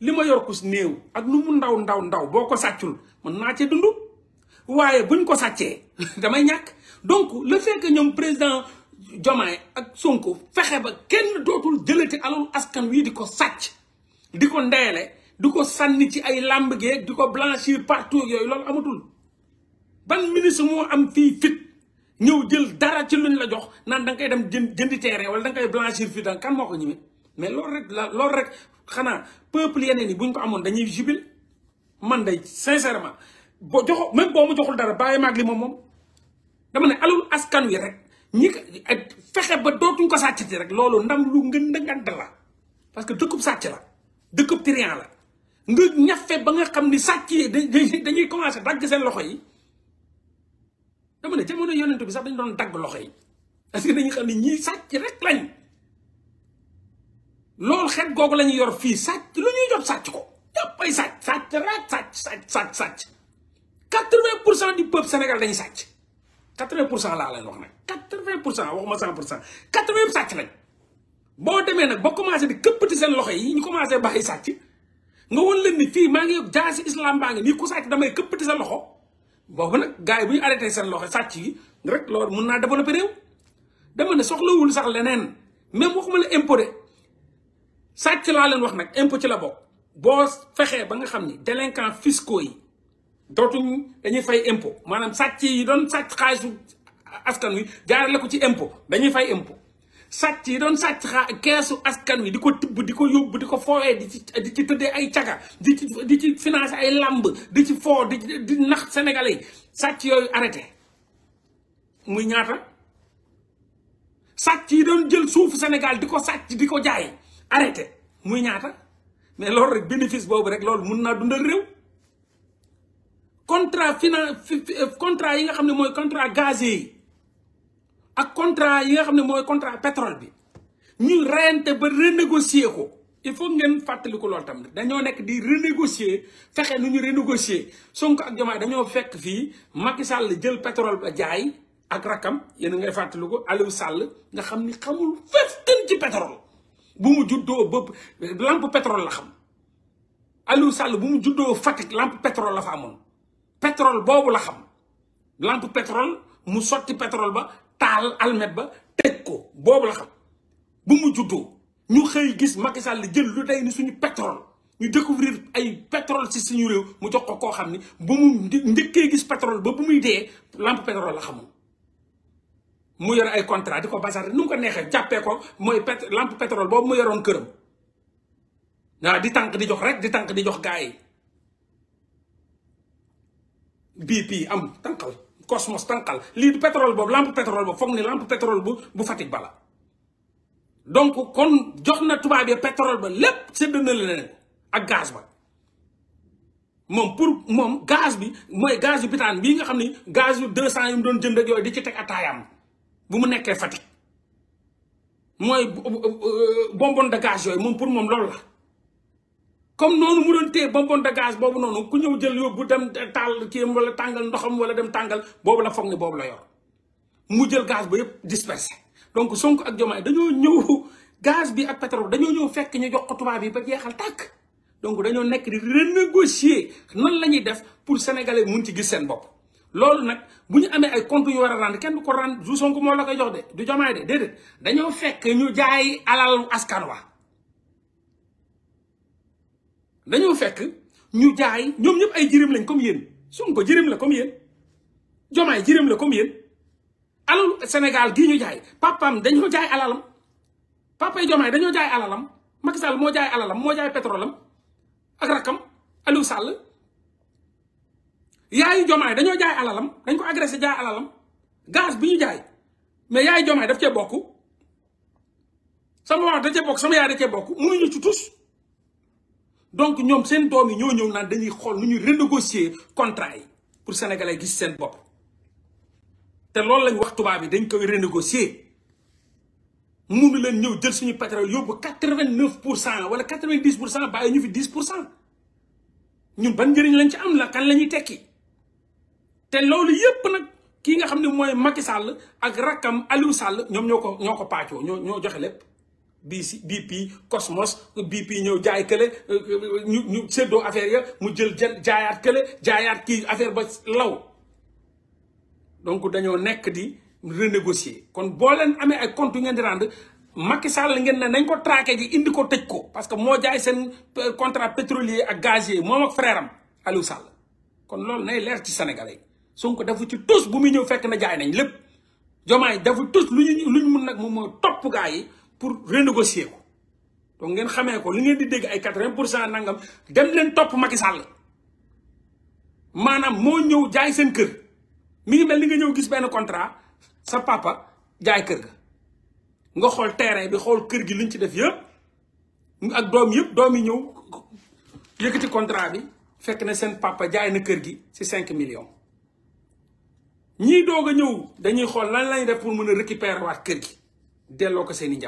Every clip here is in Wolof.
li ma yor ko néew ak lu mu ndaw ndaw ndaw boo ko sàccul mën naa cee dund waaye buñ ko sàccee damay ñàkk donc la fekk ñoom président Diomaye ak Sonko fexe ba kenn dootul jëlati alalu askan wi di ko sàcc di ko ndeyale di ko sànni ci ay làmb geeg di ko blanchir partout yooyu loolu amatul ban ministre moo am fii fit ñëw jël dara ci luñ la jox naan da nga koy dem jënd jëndi terrain wala da nga koy blanchir fii daan kan moo ko ñemee mais loolu rek la loolu rek xana peuple yeneen yi buñ ko amone dañuy jubil man day sincèrement bo joxo même bo mu joxul dara baye maag li mom moom dama ne alul askan wi rek ñi fexé ba dootuñ ko satti rek lolu ndam lu ngeen da ngant la parce que dëkkub sàcc la dëkkub trian la nga ñafe ba nga xamni ni dañuy commencer dag sen loxo yi dama ne jamono yonentou bi sax dañ doon dag loxo yi parce que dañu xamni ñi ñii rek lañ loolu xet googu la ñu yor fii sàcc lu ñuy jot sàcc ko jàppay sàcc sàcc raaj sàcc sàcc sàcc sàcc quatre-vingt pour cent du peuple Sénégal dañuy sàcc quatre-vingt pour cent laa leen wax nag quatre-vingt pour cent waxuma cent pour cent quatre-vingt sàcc lañ boo demee nag ba commencé di këppati seen loxo yi ñu commencé bàyyi sàcc nga woon leen ni fii maa ngi jaasi islam baa ngi nii ku sàcc damay këppati seen loxo boobu nag gars yi bu ñu arrêté seen loxo sàcc yi rek loolu mun naa développé réew dama ne soxlawul sax leneen même waxuma la importé sàcc laa leen wax nag impôt ci la bokk boo fexee ba nga xam ni délinquants fiscaux yi dootu dañuy fay impo maanaam sàcc yi doon sàcc xaalisu askan wi jaarale ko ci impôt dañuy fay impôt sàcc yi doon sàcc xaa keesu askan wi di ko tibb di ko yóbbu di ko foowee di ci di ci tëddee ay caga di ci di ci financé ay làmb di ci foo di di nax sénégalais yi sàcc yooyu arrêté muy ñaata sàcc yi doon jël suufu Sénégal di ko sàcc di ko jaay arrêté muy ñaata mais loolu rek bénéfice boobu rek loolu mun naa dundal réew contrat finan euh, contrat yi nga xam ne mooy contrat gazier yi ak contrat yi nga xam ne mooy contrat pétrole bi ñu reyante ba renégocier ko il faut ngeen fàttaliku loolu tam dañoo nekk di renégocier fexe nu ñu renégocier Sonko ak Diomaye dañoo fekk fii Macky Sall jël pétrole ba jaay ak rakkam yéen ngay fàttaliku Aliou Sall nga xam ni xamul fef tën ci pétrole bu mu juddoo ba lampe pétrole la xam Aliou Sall bu mu juddoo Fatick lampe pétrole la fa amoon pétrole boobu la xam lampe pétrole mu sotti pétrole ba taal almet ba teg ko boobu la xam bu mu juddoo ñu xëy gis Macky Sall jël lu day ni suñu pétrole ñu découvrir ay pétrole ci suñu réew mu jox ko koo xam ni bu mu njëkkee gis pétrole ba bu muy dee lampe pétrole la xamul mu yor ay contrat di ko bazar nu mu ko neexee jàppee ko mooy pét lampe pétrole boobu mu yoroon këram waaw di tànk di jox rek di tànk di jox gars yi bii am tànkal Cosmos tànkal lii pétrole boobu lampe pétrole boobu foog ni lampe pétrole bu bu Fatick bala donc kon jox na tubaab yi pétrole ba lépp sëdd na leen ak gaz ba moom pour moom gaz bi mooy gaz yu bitaan bii nga xam ni gaz yu deux cent yu doon jënd ak yooyu di ci teg ataayam bu mu nekké fatik moy bonbon de gaz yoy mom pour mom lool la comme nonou mu doon té bonbon de gaz bobu nonou ku ñew jël yóbbu dem tal ki wala tangal ndoxam wala dem tangal bobu la fogné bobu la yor mu jël gaz ba yépp dispersé donc sonku ak jomay dañu ñew gaz bi ak pétrole dañu ñew fekk ñu jox ko tubaab ba jéxal tak donc dañu nekk di renégocier nan lañuy def pour sénégalais mën ci gis sen bopp. loolu nag bu ñu amee ay comptes a rendre kenn du ko rendre du moo la koy jox de du Diomaye de déedéet dañoo fekk ñu jaay alalu askan wa dañoo fekk ñu jaay ñoom ñëpp ay jirim lañ comme yéen Sonko jirim la comme yéen Diomaye jirim la comme yéen alalu Sénégal gii ñu jaay papam dañoo jaay alalam papay Diomaye dañoo jaay alalam Macky Sall moo jaay alalam moo jaay pétrole am ak rakam Aliou Sall yaay jomaay dañu jaay alalam dañ ko agresser jaay alalam gaz bi jaay mais yaay jomaay daf ci bokku sama wax da ci bokku sama yaay da bokku mu ñu ci tous donc ñom seen doomi ñoo ñew naan dañuy xol ñu renégocier contrat yi pour sénégalais gis seen bop té loolu lañ wax tuba bi dañ koy renégocier ñu leen ñew jël suñu pétrole yob 89% wala 90 vingt ñu fi 10% ñun ban jëriñ lañ ci am la kan lañuy tekki te loolu yépp nag kii nga xam ne mooy Macky Sall ak rakkam Aliou Sall ñoom ñoo ko ñoo ko pàccoo ñoo ñoo joxe lépp bii si bii pii Cosmos bii pii ñëw jaay kële ñu ñu séddoo affaire ya mu jël jaayaat kële jaayaat kii affaire ba law donc dañoo nekk di renégocier kon boo leen amee ay compte yu ngeen di rendre Macky ngeen ne nañ ko traqué ji indi ko tëj ko parce que moo jaay seen euh, contrat pétrolier ak gazier moom ak frère am Aliou Sall kon loolu nay leer ci Sénégalais yi Sonko defu ci tous bu muy ñëw fekk na jaay nañ lépp jomaay defu tous lu ñu lu ñu mun nag moom mooy topp gaa yi pour renégocier ko donc ngeen xamee ko li ngeen di dégg ay quatre pour cent nangam dem leen topp Macky Sall maanaam moo ñëw jaay seen kër mi ngi mel nga ñëw gis benn contrat sa papa jaay kër ga nga xool terrain bi xool kër gi liñ ci def yëpp ak doom yëpp doom yi ñëw yëkkati contrat bi fekk na seen papa jaay na kër gi ci cinq millions ñii doga a dañuy xol lan lañ def pour mëna récupérer wat kër gi delloo ko seen i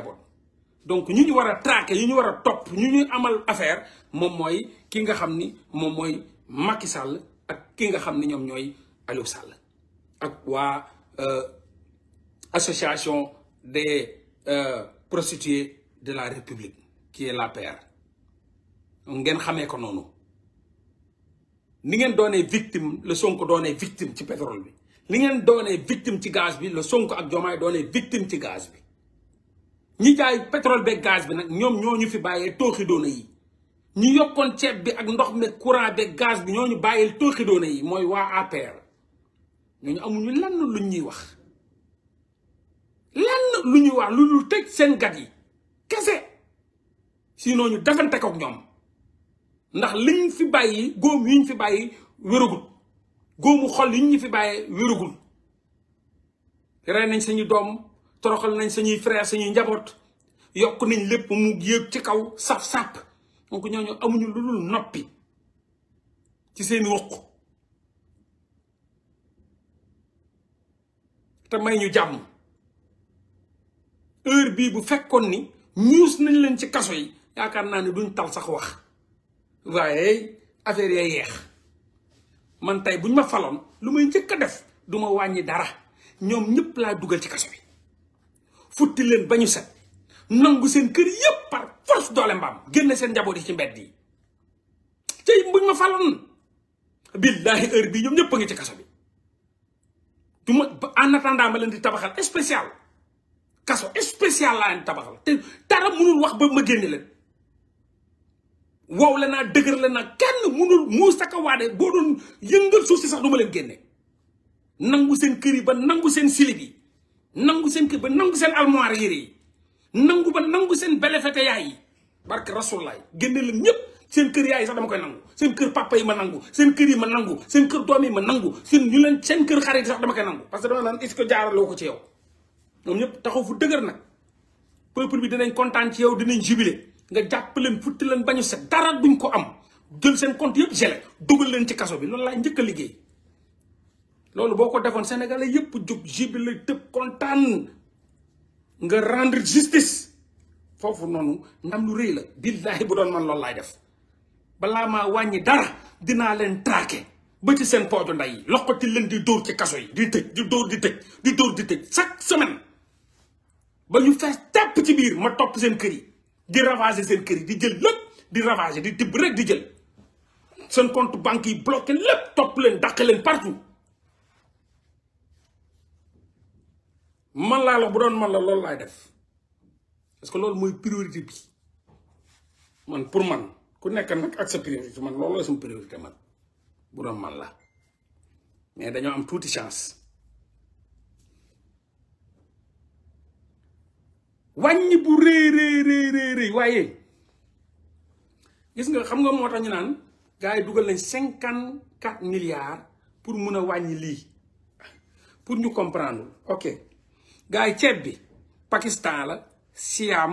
donc ñu ñu wara a traquer ñu ñu wara a ñu ñu amal affaire mom moy ki nga xamni mom moy Macky Sall ak ki nga xamni ñom ñoy Aliou Sall ak euh, association des euh, prostituées de la République qui est la l'APR ngeen xamé ko noonu ni ngeen doonee victime la Sonko doonee victime ci pétrole bi. li ngeen doonee victime ci gaz bi la Sonko ak Diomaye doonee victime ci gaz bi ñi jaay pétrole beeg gaz bi nag ñoom ñoo ñu fi bàyyee tooxi doona yi ñu yokkoon ceeb bi ak ndox mi courant beeg gaz bi ñoo ñu bàyyil tooxi doona yi mooy waa APR ñooñu amuñu lenn lu ñuy wax lan lu ñuy wax lu dul teg seen gat yi kese sinon ñu defante ko ak ñoom ndax liñ fi bàyyi góom yiñ fi bàyyi wérugut góomu xol yi ñi fi bàyyee wërugul ray nañ sañu dom toroxal nañ sañu frère sañu njabot yok nañ lepp mu yéeg ci kaw sap sap donc ñoñu amuñu lulul nopi ci seen wokk ta may ñu jàmm heure bi bu fekkon ni news nañ leen ci kasso yi yaakaar naa ne duñ tal sax wax waaye affaire yee ya yeex man tay buñ ma falon lu may ñëk def duma wañi dara ñom ñëpp la duggal ci kasso bi futti leen bañu set nangu seen kër yépp par force dole mbam genn seen jabo di ci mbedd yi tay buñ ma falon billahi heure bi ñom ñëpp nga ci kasso bi duma en attendant ma leen di tabaxal spécial kasso spécial la leen tabaxal té dara mënul wax ba ma genn leen wow la naa dëgër la naa kenn munul muus sakawaade boo doon yëngal suuf si sax du ma leen génne nangu seen kër yi ba nangu seen silib yi nangu seen kër ba nangu seen almoire yére yi nangu ba nangu seen belefete yaay yi barke rasulaay génne leen ñëpp seen kër yaay yi sax dama koy nangu seen kër papa yi ma nangu seen kër yi ma nangu seen kër doom yi ma nangu seen ñu leen seen kër xarit sax dama koy nangu parce que dama naan est-ce que jaaraloo ko ci yow ñoom ñëpp taxaw fu dëgër nag peuple bi dinañ kontaan ci yow dinañ jubilé nga japp leen futti leen bañu sa dara duñ ko am jël seen compte yëpp gelé dugal leen ci kasso bi loolu laay ñëk a liggéey loolu boo ko sénégalais yëpp jóg jibilé tepp contane nga rendre justice fofu nonu ndam lu reey la billahi bu doon man loolu lay def bala ma wañi dara dina leen traqué ba ci seen pooju nday yi leen di door ci kasso yi di tej di door di tej di door di tej chaque semaine ba ñu fess tepp ci bir ma top seen kër yi di ravager seen kër yi di jël lépp di ravager di tibb rek di jël seen compte banque yi bloqué lépp topp leen dàq leen partout man laa la bu doon man la loolu laay def parce que loolu mooy priorité bi man pour man ku nekk nag ak sa priorité man loolu la suma priorité man bu doon man la mais dañoo am tuuti chance wàññi bu re re re re re waye gis nga xam nga motax ñu naan gaay duggal nañ 54 milliards pour mëna a li pour ñu comprendre ok gaay yi bi Pakistan la Siam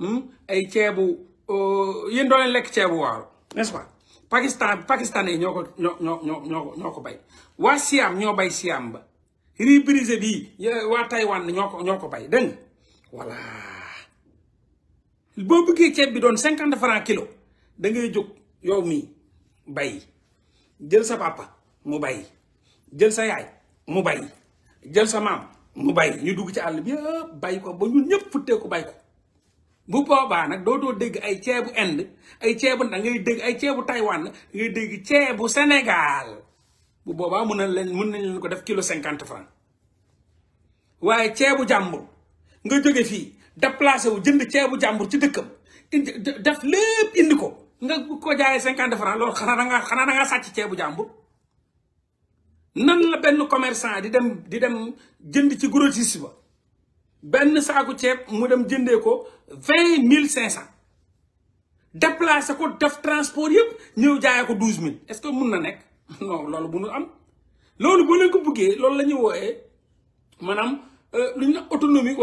hmm ay ceebu euh, yéen doo leen lek ceebu waalo n'est-ce pas Pakistan Pakistan ay ñoko ñoko ñoko ñoo bay wa Siam ño bay Siam ba ribrisé bi wa taiwan Taïwan ñoo ko ñoo ko bay deng voilà boo bëggee ceeb bi doon cinquante franc kilo da ngay jóg yow mii bay jël sa papa mu bay jël sa yaay mu bay jël sa maam mu bay ñu dugg ci àll bi yëpp bay ko ba ñun ñëpp futtee ko bay ko bu boobaa nag doo doo dégg ay ceebu Inde ay ceebu da ngay dégg ay ceebu Taïwan ngay dégg ceebu Sénégal bu boobaa mun na leen mun nañ leen ko def kilo cinquante franc waaye ceebu jàmbur nga jóge fii déplacé wu jënd ceebu jàmbur ci dëkkam indi def lépp indi ko nga ko jaayee cinquante franc loolu xanaa da ngaa xanaa da ngaa sàcc ceebu jàmbur. nan la benn commerçant di dem di dem jënd ci grossiste ba benn saaku ceeb mu dem jëndee ko vingt mille cinq cent déplacé ko def transport yëpp ñëw jaayee ko douze mille est-ce que mun na nekk non loolu bu nu am loolu boo leen ko buggee loolu la woo wooyee maanaam. lu autonomie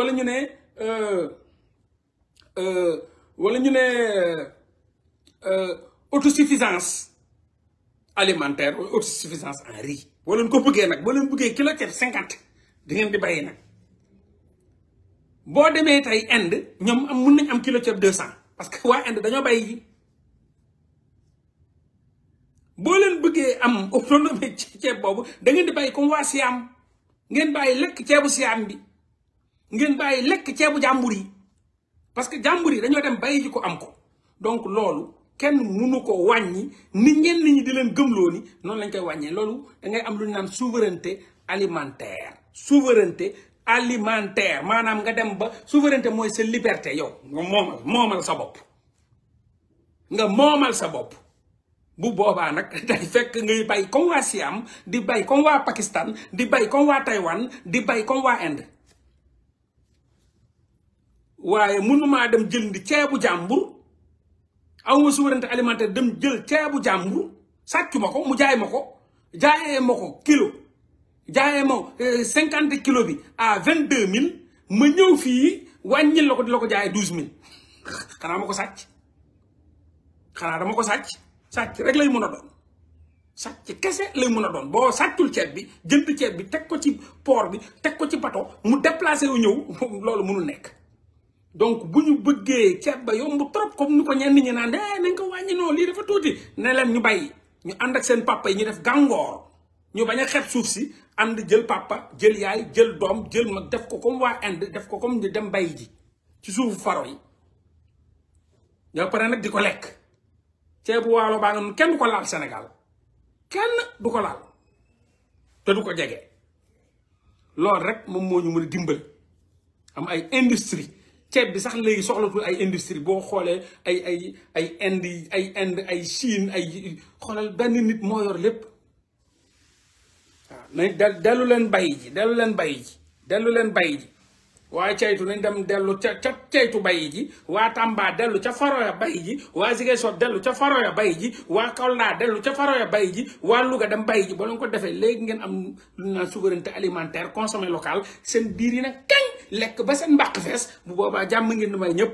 autosuffisance alimentaire autosuffisance en riz Si vous ko bëggee nag boo leen kilo 50, da ngeen di am am kilo parce que waa Inde dañoo bàyyi un leen bëggee am autonomie ngeen bàyyi lekk ceebu siyaam bi ngeen bàyyi lekk ceebu jàmbur yi parce que jàmbur yi dañoo dem bàyyi ji ko am ko donc loolu kenn mënu ko wàññi ni ngeen nit ñi di leen gëmloo ni noonu lañ koy wàññee loolu da ngay am lu ñu naan souveraineté alimentaire souveraineté alimentaire maanaam nga dem ba souveraineté mooy seen liberté yow nga moomal sa bopp nga moomal sa bopp bu boobaa nag day fekk ngay bay comme waa Siam di bay comme waa Pakistan di bay comme waa Taïwan di bay comme waa Inde waaye mënumaa dem jël ceebu jàmbur awma souveraineté alimentaire dem jël ceebu jàmbur sàccuma ko mu jaay ma ko jaayee ma ko kilo jaayee ma euh, cinquante kilo bi a vingt deux mille ma ñëw fii wàññil la ko di la ko jaayee douze mille xanaa ma ko sàcc xanaa dama ko sàcc sàcc rek lay mën a doon sàcc kese lay mën a doon boo sàccul ceeb bi jënd ceeb bi teg ko ci poor bi teg ko ci bato mu déplacé wu ñëw loolu mënul nekk. donc bu ñu bëggee ceeb ba yomb trop comme ni ko ñenn ñi naan eh nañ ko wàññi noonu lii dafa tuuti ne leen ñu bàyyi ñu ànd ak seen papa yi ñu def gàngoor ñu bañ a xeeb suuf si ànd jël pàppa jël yaay jël doom jël mag def ko comme waa Inde def ko comme ñu dem bay ji ci suufu faro yi. yow pare nag di ko lekk. ceebu waalo baa nga kenn du ko laal Sénégal kenn du ko laal te du ko jege loolu rek moom moo ñu mën a dimbal am ay industrie ceeb bi sax léegi soxlatul ay industrie boo xoolee ay ay ay Inde ay Inde ay Chine ay xoolal benn nit moo yor lépp waaw nañ dellu leen bay ji dellu leen bay ji dellu leen bay ji wa ceytu nañ dem delu ca ca ceytu bay ji wa Tamba dellu ca faroya bay ji zige so delu ca faroya bay ji wa kolna delu ca faroya bay ji wa luga dem ji ba ko defee léegi ngeen am lu uh, souveraineté alimentaire consommer local sen biir yi nag lek ba sen mbak fess bu boba jam ngeen di may ñëpp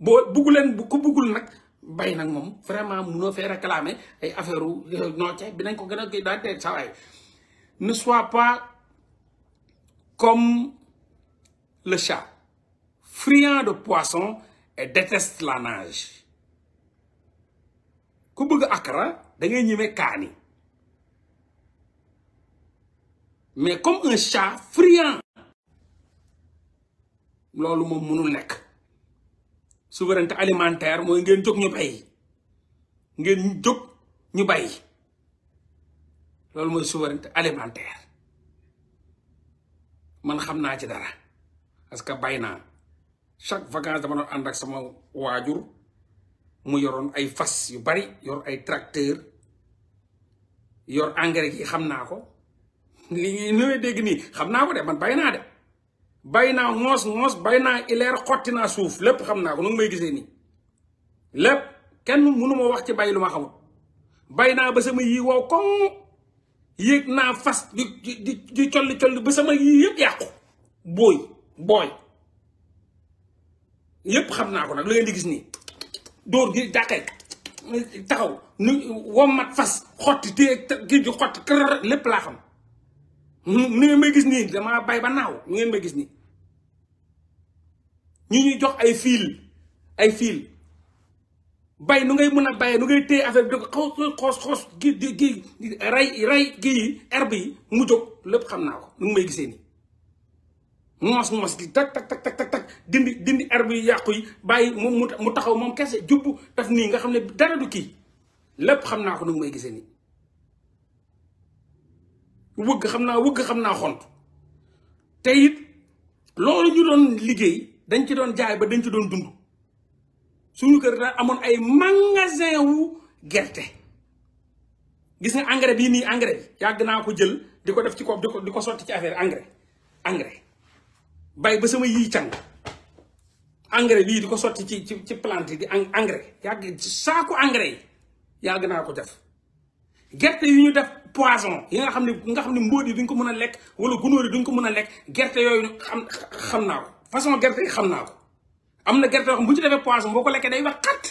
boo bugg bu ku bugul nak bay nak mom vraiment munoo réclamer ay affaire euh, noo bi nañ ko gëna a kii sa ne soit pas comme le chat, friand de poisson et déteste la nage. Ku bëgg akara da ngay ñëmé kaani. Mais comme un chat friand lolu mom mënu nekk souveraineté alimentaire moy ngeen jóg ñu bay ngeen jóg ñu bay Lolu moy souveraineté alimentaire man xamna ci dara parce que bay naa chaque vacance dama doon ànd ak sama waajur mu yoroon ay fas yu bari yor ay tracteur yor engrais yi xam naa ko li dégg nii xam naa ko de man bay naa de bay naa ngoos ngoos bay naa xotti naa suuf lépp xam naa ko nu ngi may gisee nii lépp kenn mënuma wax ci bay lu ma xamul bay naa ba sama yii wow koŋ yéeg naa fas di di di colli colli ba sama yii yëpp yàqu booy booy yépp xam naa ko nag la ngeen di gis nii dóor gi dàqay taxaw nu wommat fas xotti téye kii di xotti kër lépp laa xam ni ngeen may gis nii damaa bay ba naaw ni ngeen may gis nii ñu ñuy jox ay fiil ay fiil bay nu ngay mun a bayee nu ngay téye affaire bi da ko xoos xoos gi ray ray kii yi yi mu jóg lépp xam naa ko nu ngi may gisee nii moos moos gi tak tak tak tak tak dindi dindi herbe yu yàqu yi bàyyi moom mu taxaw moom kese jubb daf nii nga xam ne dara du kii lépp xam naa ko nu may gisee nii wëgg xam naa wëgg xam naa xont te it loolu ñu doon liggéey dañ ci doon jaay ba dañ ci doon dund suñu kër daa amoon ay magasin wu gerte gis nga engrais bii nii engrais yàgg naa ko jël di ko def ci ko di ko sotti ci affaire engrais engrais bay ba sama yii càng engrais yii di ko sotti ci ci ci plante yi di engrais yàgg saako engrais yi yàgg naa ko def gerte yi ñu def poison yi nga xam ne nga xam ne mbóot yi duñ ko mën a lekk wala gunóor yi duñ ko mën a lekk gerte yooyu xam xam naa ko façon gerte yi xam naa ko am na gerte yoo xam bu ci defee poison boo ko lekkee day wax xat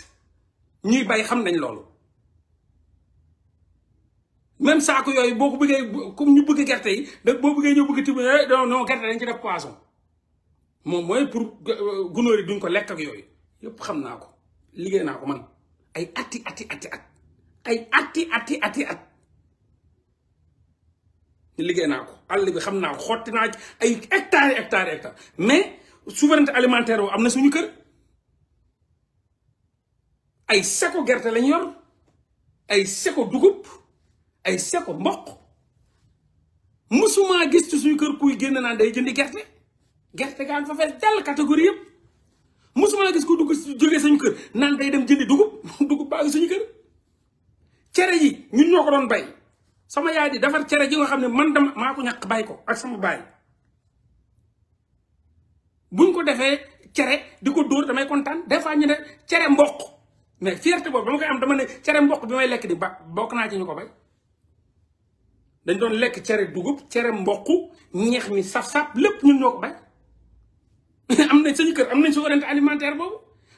ñuy bay xam nañ loolu même saako yooyu boo ko bëggee comme ñu bëgg gerte yi da boo bëggee ñëw bëgg tibb eh, non non gerte dañ poison moom mooy pour euh, gunóor yi duñ ko lekk ak yooyu yëpp xam naa ko liggéey naa ko man ay atti atti atti at ay atti atti atti at liggéey naa ko àll bi xam naa xotti naa ci ay hectares hectares hectares mais souveraineté alimentaire woo am na suñu kër ay seko gerte lañu yor ay seko dugub ay seko mboq mësumaa gis ci suñu kër kuy génn naa day jëndi gerte gerte gaan fa fees dell catégorie yëpp mosuma la gis ko dugg jógee suñu kër naan day dem jëndi dugub dugub baa ngi suñu kër cere yi ñun ñoo ko doon bay sama yaay di defar cere ji nga xam ne man dama maa ko ñàkk bay ko ak sama baay buñ ko defee cere di ko dóor damay kontaan des fois ñu ne cere mboq mais fierté boobu ba ma koy am dama ne cere mboq bi may lekk di ba bokk naa ci ñu ko bay dañ doon lekk cere dugub cere mboq ñeex mi saf-saf lépp ñun ñoo ko am nañ sëñ kër am nañ souveraineté alimentaire boobu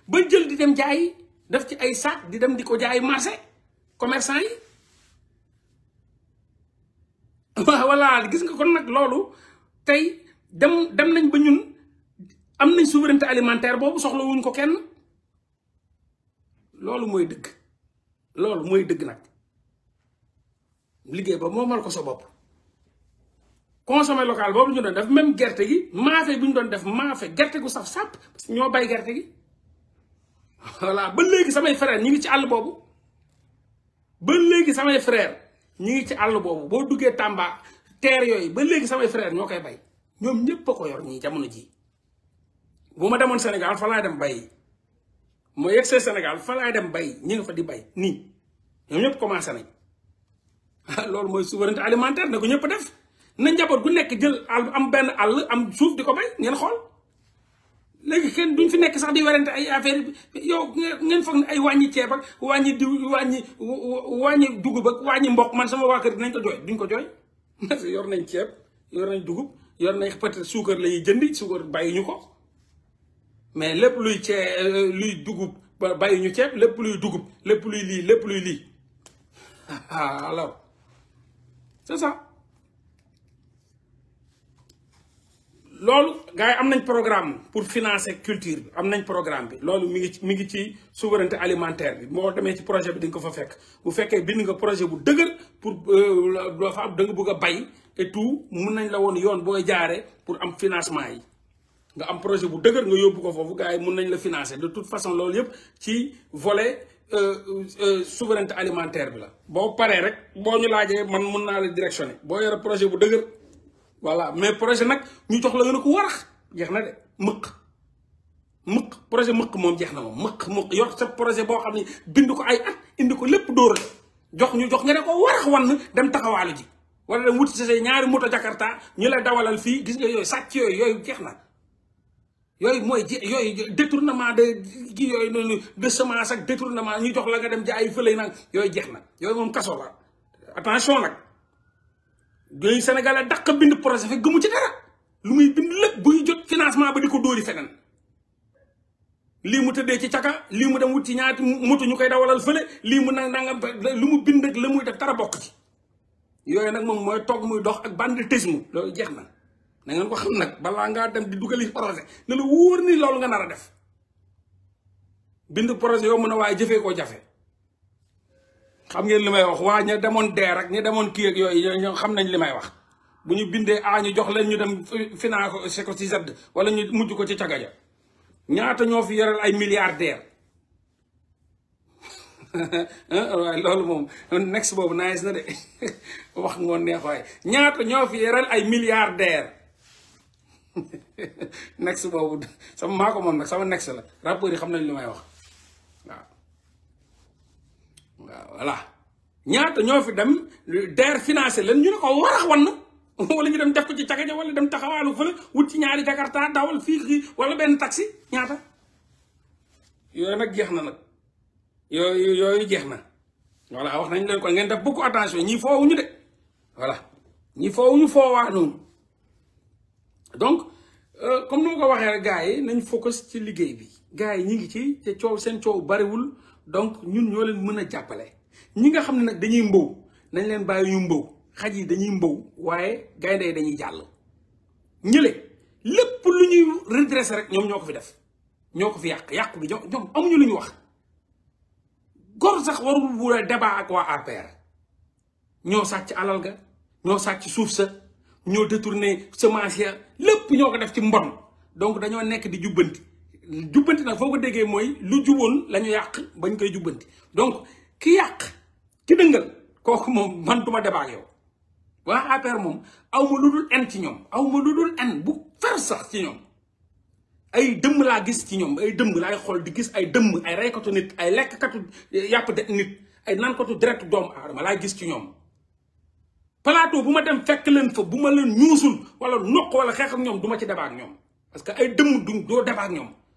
ba jël di dem jaayi def ci ay saak di dem di ko jaay marché commerçant yi waaw voilà gis nga kon nag loolu tey dem dem nañ ba ñun am nañ souveraineté alimentaire boobu soxla wuñ ko kenn loolu mooy dëgg loolu mooy dëgg nag liggéey ba moomal ko sa bopp consommé local boobu ñu doon def même gerte gi maafe bi ñu doon def maafe gerte gu saf sàpp ñoo bay gerte gi voilà ba léegi samay frère ñu ngi ci àll boobu ba léegi samay frère ñi ngi ci àll boobu boo duggee Tamba terre yooyu ba léegi samay frère ñoo koy bay ñoom ñëpp ko yor ñii jamono ji bu ma demoon Sénégal fa laay dem bay moo yegsee Sénégal fa laay dem bay ñi nga fa di bay nii ñoom ñëpp commencé nañ loolu mooy souveraineté alimentaire na ko ñëpp def na njaboot gu nekk jël àll am benn àll am suuf di ko bay ngeen xool léegi kenn duñ fi nekk sax di werante ay affaire yow ngeen foog ne ay wàññi ceeb ak wàññi diw wàññi wàññi dugub ak wàññi mboq man sama waa kër nañ ko jooy duñ ko jooy parce yor nañ ceeb yor nañ dugub yor nañ peut-être suukar la ñuy jëndi suukar bàyyi ñu ko mais lépp luy ceeb luy dugub bàyyi ñu ceeb lépp luy dugub lépp luy lii lépp luy lii alors c'est ça loolu gars yi am nañ programme pour financer culture bi am nañ programme bi loolu mi ngi ci mi ngi ci souveranté alimentaire bi moo demee ci projet bi di nga ko fa fekk bu fekkee bind nga projet bu dëgër pour doo euh, fa am da nga bëgg a bay et tout mun nañ la woon yoon booy jaaree pour am financement yi nga am projet bu dëgër nga yóbbu ko foofu gars yi mun nañ la financer de toute façon loolu yëpp ci volet euh, euh, souveraineté alimentaire bi la. boo paree rek boo ñu laajee man mun naa la directionner boo yore projet bu dëgër. voilà mais projet nag ñu jox la nga ne ko warax jeex na de mëq mëq projet mëq moom jeex na moom mëq mëq yor sa projet boo xam ne bind ko ay at indi ko lépp dóor jox ñu jox nga ne ko warax wan dem taxawaalu ji wala dem wuti sa ñaari moto jakarta ñu la dawalal fii gis nga yooyu sàcc yooyu yooyu jeex na yooyu mooy je yooyu détournement de gi yooyu noonu de semence ak détournement ñu jox la nga dem ji ay fële nag yooyu jeex na yooyu moom kaso la attention nag yooyu sénégalais dàq bind projet fekk gëmu ci dara lu muy bind lépp buy jot financement ba di ko dóori feneen lii mu tëddee ci caka lii mu dem wut ci ñaati moto ñu koy dawalal fële lii mu nag nangam lu mu bind la muy def dara bokk ci yooyu nag moom mooy toog muy dox ak banditisme loolu jeex na na ngeen ko xam nag balaa ngaa dem di dugali projet ne la wóor ni loolu nga nara def bind projet yoo mën a waaye jëfee koo jafe xam ngeen li may wax waa ña demoon dee rek ña demoon kii ak yooyu ñoo xam nañ li may wax bu ñu bindee a ñu jox leen ñu dem financé ko si Z wala ñu mujj ko ci cagaja ñaata ñoo fi ay milliardaire waaye loolu moom next boobu na wax moo neex ñaata ñoo fi yoral ay milliardaire next boobu sama maa ko moom nag sama next la rapport yi xam nañ li may wax voilà ñaata ñoo fi dem DER financer ñu ne ko warax wala ñu dem def ci wala dem taxawalu wut ci ñaari jakarta dawal fi wala ben taxi ñaata yo nak yo yo sont voilà wax nañ leen ko ngeen def beaucoup attention ñii foowuñu de voilà donc euh, comme nous avons gars focus ci liggéey bi gars ñi ngi ci donc ñun ñoo leen mën a jàppale ñi nga xam ne nag dañuy mbow nañ leen bàyyi ñu mbow xaj yi dañuy mbow waaye gaynde yi dañuy jàll ñële lépp lu ñuy redressé rek ñoom ñoo ko fi def ñoo ko fi yàq yàq bi ñoom amuñu lu ñu wax góor sax warul wula débat ak waa APR ñoo sàcc alal ga ñoo sàcc suuf sa ñoo détourné semence ya lépp ñoo ko def ci mbon donc dañoo nekk di jubbanti jubbanti nag foo ko déggee mooy lu juboon la ñu yàq bañ koy jubbanti donc ki yàq ki dëngal kooku moom man du ma débat ak yow waa APR moom aw ma lu dul en ci ñoom aw ma lu dul en bu fer sax ci ñoom ay dëmm laa gis ci ñoom ay dëmm laay xool di gis ay dëmm ay reykatu ay lekkatu yàpp de nit ay nankatu deretu doomu aadama laay gis ci ñoom plateau bu ma dem fekk leen fa bu ma leen ñuusul wala noq wala xeex ñoom du ma ci débat ñoom parce que ay dëmm du doo débat ak ñoom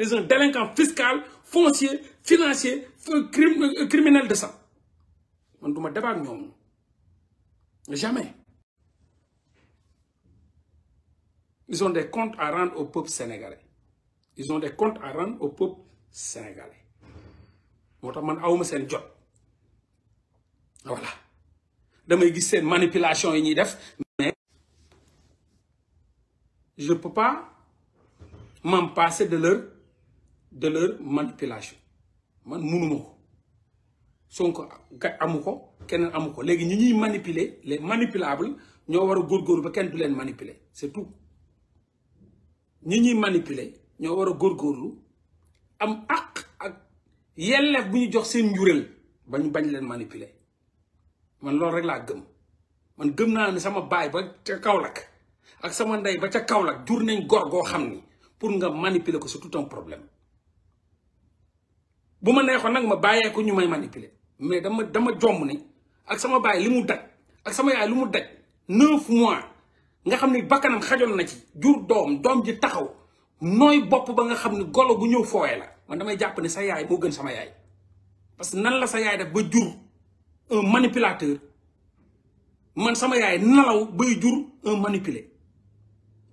ont un délinquant fiscal, foncier, financier, criminel de sang. Je ne débat avec Jamais. Ils ont des comptes à rendre au peuple sénégalais. Ils ont des comptes à rendre au peuple sénégalais. Voilà. Je ces manipulations, mais je ne peux pas m'en passer de leur de leur man munuma ko Sonko ga amu ko keneen amu ko léegi ñi ñuy manipuler les manipulables ñoo war a góor góorgóorlu ba kenn du leen manipuler surtout tout ñi ñuy manipuler ñoo war a góor góorlu am àq ak yelleef bu ñu jox seen njureel ba ñu bañ leen manipuler man loolu rek laa gëm man gëm naa ne sama baay ba ca Kaolack ak sama ndey ba ca Kaolack jur nañ góor goo xam ni pour nga manipuler ko surtout tout un problème bu ma neexoon nag ma bàyyee ko ñu may manipuler mais dama dama jomm ni ak sama baay li mu daj ak sama yaay lu mu daj neuf mois nga xam ni bakkanam xajoon na ci jur doom doom ji taxaw nooy bopp ba nga xam ni golo bu ñëw fooye la man damay jàpp ne sa yaay moo gën sama yaay parce que nan la sa def ba jur un man sama yaay nalaw bay jur un manipulé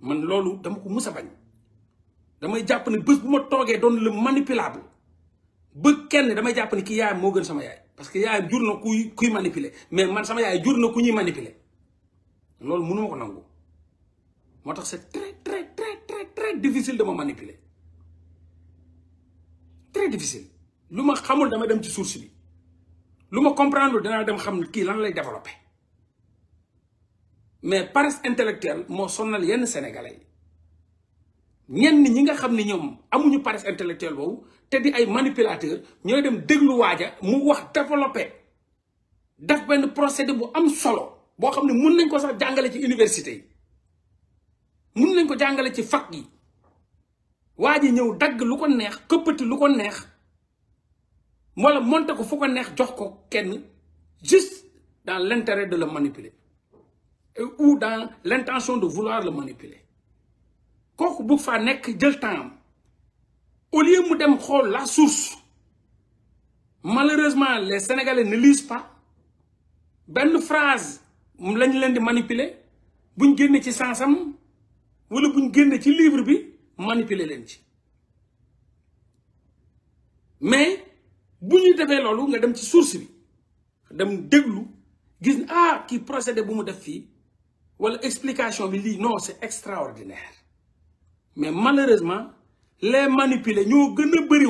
man loolu dama ko mus a bañ damay jàpp ne bés bu ma toogee doon le manipulable bu kenn damay japp ni ki yaay mo gën sama yaay parce que yaay jurna na kuy kuy manipuler mais man sama yaay jurna na ku ñuy manipuler lool mënu mako nangu motax c'est très très très très très difficile de me manipuler très difficile luma xamul dama dem ci source bi luma comprendre dana dem xam ki lan lay développer mais paresse intellectuelle mo sonnal yenn sénégalais ñen ñi nga xamni ñom amuñu paresse intellectuelle boobu te di ay manipulateur ñooy dem déglu waaja mu wax développé def benn procédé bu am solo boo xam ne mun nañ ko sax jàngale ci université yi mun nañ ko jàngale ci fac yi waa ji ñëw dagg lu ko neex këppati lu ko neex wala monte ko fu ko neex jox ko kenn juste dans l'intérêt de le manipuler ou dans l'intention de vouloir le manipuler kooku bu faa nekk jël temps am au lieu de la source malheureusement les sénégalais ne lisent pas Ben phrase lañ leen di manipuler buñ ci sansam wala livre manipuler mais si vous avez dem ci source bi dem déglu gis ah qui procède def wala explication non c'est extraordinaire mais malheureusement les manipuler nous ne bëri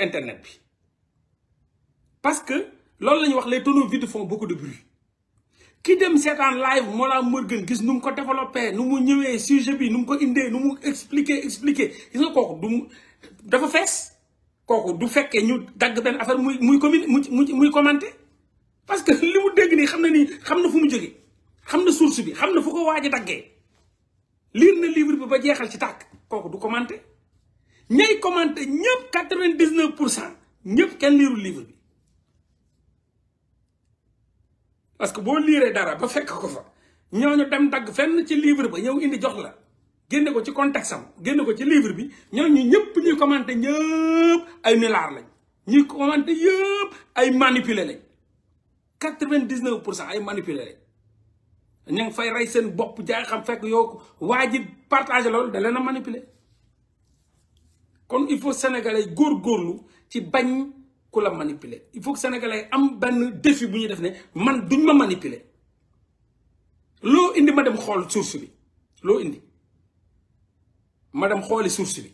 internet parce que loolu que les tonneaux vides font beaucoup de bruit Qui dem en live Mollah la gis nu nous ko développer nu mu nous sujet bi nu ont ko indé nu mu expliquer expliquer gis du dafa nous du parce que les mots dégg nous nous ni nous fu mu nous nous nous bi lire na livre bi ba ci ñay commenté ñëpp quatre vingt dix pour cent ñëpp kenn liiru livre bi parce que boo liiree dara ba fekk ko fa ñooñu dem dagg fenn ci livre ba ñëw indi jox la génne ko ci contexte am génne ko ci livre bi ñooñu ñëpp ñuy commenté ñëpp ay milaar lañ ñuy commenté yëpp ay manipulé lañ quatre-vingt-dix-neuf pour cent ay manipulé lañ. ñu fay rey seen bopp jaay xam fekk yow waa ji partagé loolu da leen a manipuler kon il faut sénégalais góorgóorlu ci bañ ku la manipuler il faut que am benn défi bu ñuy def ne man duñ ma manipuler loo indi ma dem xool source bi loo indi ma dem xooli source bi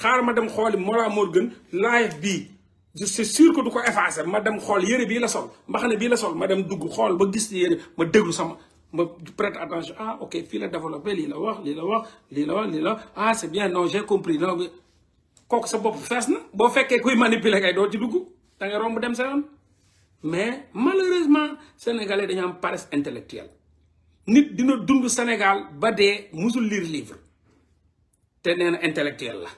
xaar ma dem xooli Mollah Morgun live bii je suis sûr que du ko effacer ma dem xool yére bii la sol mbaxane bii la sol ma dem dugg xool ba gis yére ma déglu sama Je prête attention ah ok il la développé lii la wax la ah c'est bien non j'ai compris non kooku sa na fait manipuler les gens, mais malheureusement sénégalais ont une paresse intellectuelle nit dina dund Sénégal nous Sénégal lire livre te nee intellectuel la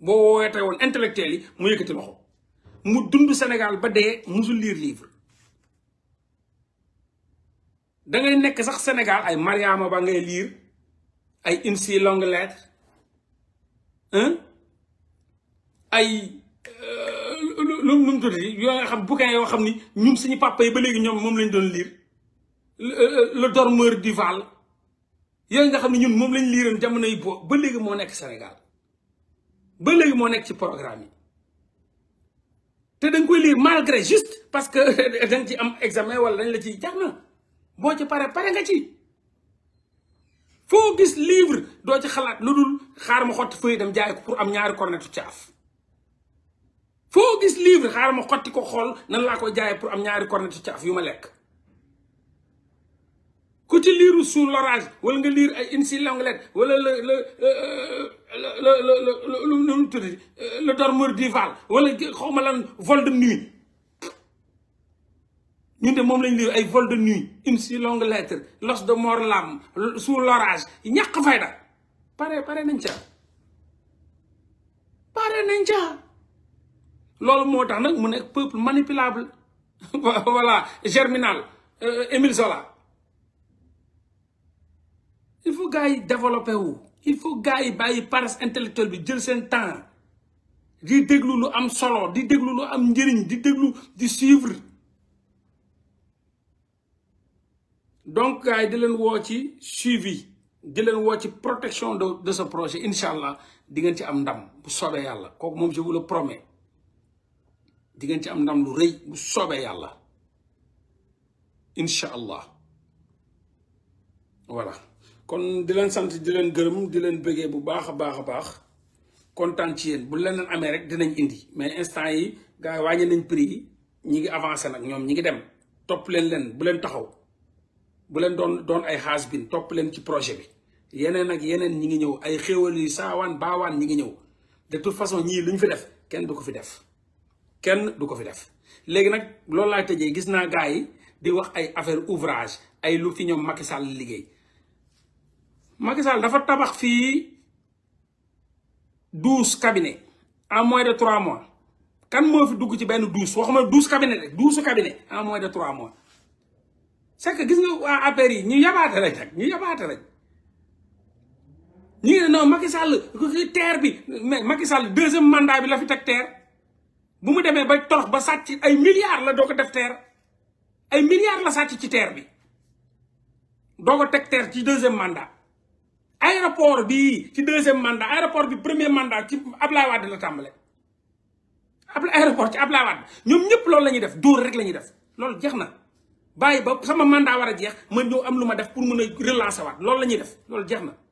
boo ils tey intellectuel mu Nous loxo mu dund Sénégal ba lire livre. da nekk sax Sénégal ay Mariama ba ngay liir ay une si longue lettre ay euh, lu lu mu tudd yoo nga xam bouquin yoo xam ni ñun suñu papa yi ba léegi ñoom moom lañu doon lire le euh, euh, dormeur du Val yooyu nga xam ne ñun moom lañ liiroon jamono yi boo ba léegi moo nekk Sénégal ba léegi moo nekk ci programme yi te dañ nga koy lire malgré juste parce que da ci am examen wala dañ la ciy jàng boo ci pare pare nga ci foo gis livre doo ci xalaat lu dul xaar ma xotti feuille dem jaay pour am ñaari cornetu caaf foo gis livre xaar ma xotti ko xool nan laa koy jaayee pour am ñaari cornetu caaf yu ma lekk ku ci liiru sous l'orage wala nga liir ay insi l'anglais wala la la la la la la la la dormeur d'Ival wala xaw ma lan vol de nuit Il de lañ de nuit une si longue lettre l'os de mort l'âme sous l'orage Il n'y pare pare nañ ca pare nañ ca loolu moo tax nag mu peuple manipulable voilà germinal Emile euh, Zola il faut gars yi il faut gars yi bàyyi paresse intellectuelle bi jël seen temps di déglu lu am solo di lu am di di suivre donc gars yi di leen woo ci suivi di leen woo ci protection de de ce projet incha allah di ngeen ci am ndam bu soobee yàlla kooku moom je vous le promets di ngeen ci am ndam lu rëy bu soobee yàlla incha allah voilà kon di leen sant di leen gërëm di leen bëggee bu baax a baax a baax kontaan ci yéen bu leneen amee rek dinañ indi mais instant yi gars yi wàññi nañ prix yi ñi ngi avancé nag ñoom ñi ngi dem topp leen leen bu leen taxaw bu len don don ay xaas bin top len ci projet bi yenen ak yenen ñi ngi ay yi ñi ngi de toute façon ñi ne fi def kenn du ko fi def kenn du fi def gis di wax ay affaire ouvrage ay lu fi ñom Macky Sall liggéey Macky Sall dafa tabax en moins de trois mois kan mo fi dugg ci douze waxuma douze en moins de trois mois c'est que gis nga waa affaire yi ñu yabaate lañ rek ñu yabaate lañ ñu ne non Macky Sall terre bi mais Macky Sall deuxième mandat bi la fi teg terre bu mu demee ba torox ba sàcc ay milliards la doo ko def ay milliards la sàcc ci terre bi doo ko teg terre ci deuxième mandat aéroport bi ci deuxième mandat aéroport bi premier mandat ci Ablaye Wade la tàmbale ab aéroport ci Ablaye Wade ñoom ñëpp loolu la ñuy def dóor rek la ñuy def loolu jeex na bàyyi ba sama mandat war a jeex ma ñëw am lu ma def pour mun a relancer waat lool la ñuy def loolu jeex na.